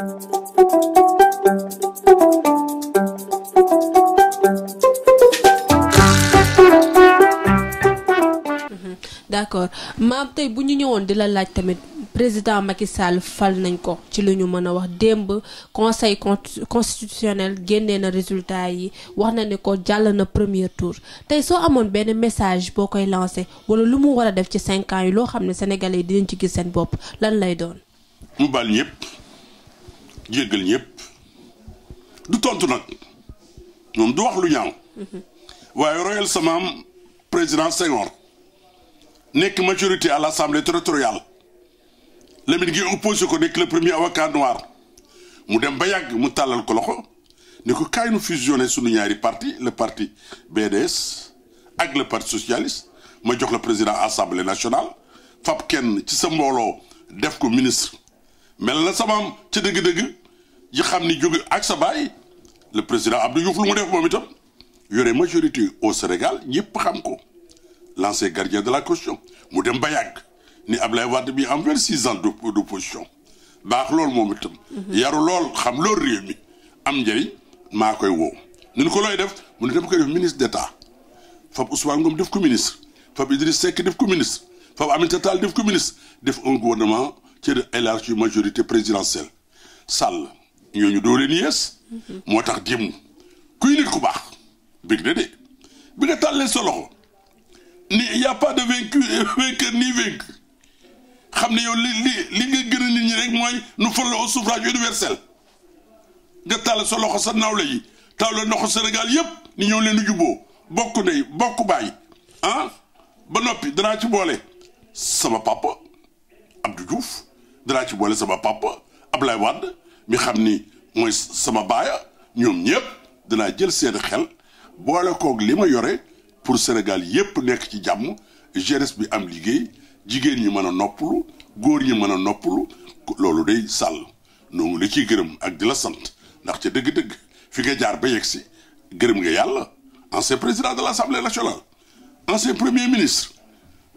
Mhm. d'accord maam tey bu ñu ñëwoon di la laaj tamit président Macky Sall fal nañ ko ci lu ñu mën a wax démb conseil constitutionnel génnee na résultat yi wax na ne ko jàll na premier tour tey soo amoon benn message boo koy lancé wala lu mu war a def ci cinq yi loo xam ne sénégalais yi dinañ ci gis seen bopp lan lay doon. mu baal ñëpp. jéggal ñëpp du tontu nag moom du wax lu ñaaw waaye royal samaam président Senghor nekk majorité à l' assemblée territoriale Lamine Gueye opposé ko nekk le premier avocat noir mu dem ba yàgg mu tàllal ko loxo ni ko kaay nu fusionné sunu ñaari parti le parti BDS ak le parti socialiste ma jox la président assemblée nationale fab kenn ci sa mbooloo def ko ministre mel na samaam ci dëgg-dëgg ji xam ni jóge ak sa baay le président Abdou Diouf lu mu def moom itam yore majorité au Sénégal ñëpp xam ko l'ancien gardien de la constitution mu dem ba yàgg ni Ablaye Wade bi am vingt-six ans d'opposition baax loolu moom itam. Mhm. yaru lool xam loolu réew mi am njëriñ maa koy woo. ñu ko looy def mu ne dama koy def ministre d'État fab Ousmane Ngom def ko ministre fab Idriss Seck def ko ministre fab Aminata Tall def ko ministre def un gouvernement ci élargie majorité présidentielle Sall. ñooñu doo leen yées. moo tax jëm kuy nit ku baax bi nga tàllee sa loxo ni y' a de vaincu euh, vainqueur ni vaincu xam ne yow li li li nga gën a nit ñi rek mooy nu fal la au suffrage universel nga tàll sa loxo sa nawle yi tawle ndoxu Sénégal yëpp ni ñëw leen di jubboo bokk ndey bokk baay ah ba noppi danaa ci boole sama papa Abdou Diouf danaa ci boole sama papa Ablaye Wade. mi xam ni mooy sama baaya ñoom ñëpp dinaa jël seen xel boole koog li ma yore pour Sénégal yépp nekk ci jàmm jeunesse bi am liggéey jigéen ñi mën a noppalu góor ñi mën a noppalu loolu day sàll noonu li ciy gërëm ak di la sant ndax ca dëgg-dëgg fi nga jaar ba yegg si gërëm nga yàlla ancien président de l'Assemblée nationale ancien premier ministre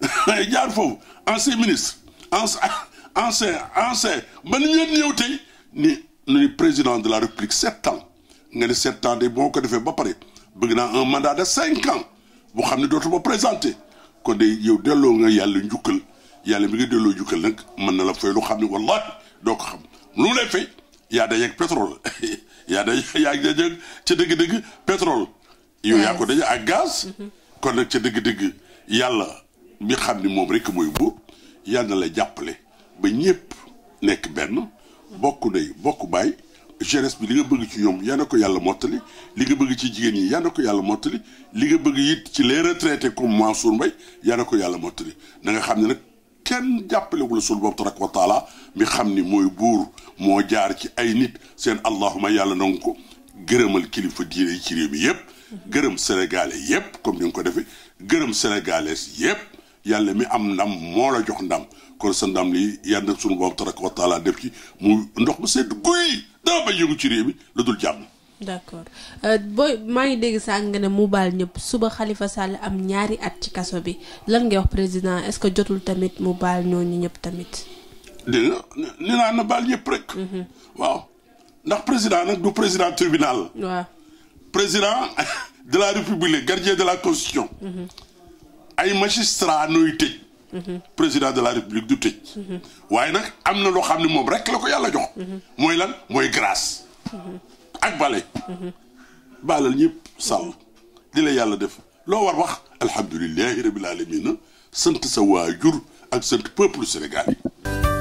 jaar foofu ancien ministre ancien ancien ancien ba ni ñëw tey ni le président de la république sept ans nga ne sept ans de boo ko defee ba pare bëgg naa un mandat de cinq ans boo xam ne dootuma présenté kon de yow delloo nga yàlla njukkal yàlla mi ngi delloo njukkal nag mën na la fay lu xam ne wallahi doo ko xam lu mu lay fay yaa dajeeg pétrole yaa day yaa dajeeg ca dëgg-dëgg pétrole yow yaa ko daje ak gaz kon nag dëgg-dëgg yàlla mi xam ni moom rekk mooy buur yàlla na la jàppale ba ñëpp nekk benn bokk ndey bokk baay jeunesse bi li nga bëgg ci ñoom yaa na ko yàlla mottali li nga bëgg ci jigéen ñi yaa na ko yàlla mottali li nga bëgg it ci les retraité comme Mansour Mbaye yaa na ko yàlla mottali na nga xam ne nag kenn jàppalewula sunu bopp tabaraka wa taala mu xam ni mooy buur moo jaar ci ay nit seen allahuma yàlla nangu ko gërëmal kilifa diine yi ci réew mi yëpp gërëm sénégalais yëpp comme ni nga ko defee gërëm sénégalais yëpp yàlla mi am ndam moo la jox ndam kon sa ndam li yàlla sunu borom tabaraka wa taala def ci mu ndox mu sedd guy dara bay yëngu ci réew mi lu dul jàmm. d'accord euh, booy maa ngi dégg ak nga ne mu baal ñëpp suba xalifa Sall am ñaari at ci kaso bi lan ngay wax président est-ce que jotul tamit mu baal ñooñu ñëpp tamit. dina ni naa na baal ñëpp rek. Mhm. waaw ndax président nag du président tribunal. waaw président de la république gardien de la constitution. Mhm. ay magistrat nooy tëj président de la république du tëj waaye nag am na loo xam ne moom rek la ko yàlla jox mooy lan mooy grâce ak bale baalal ñëpp sàll di la yàlla def loo war wax alhamdulilahi rabil alamina sant sa waajur ak sant peuple sénégalais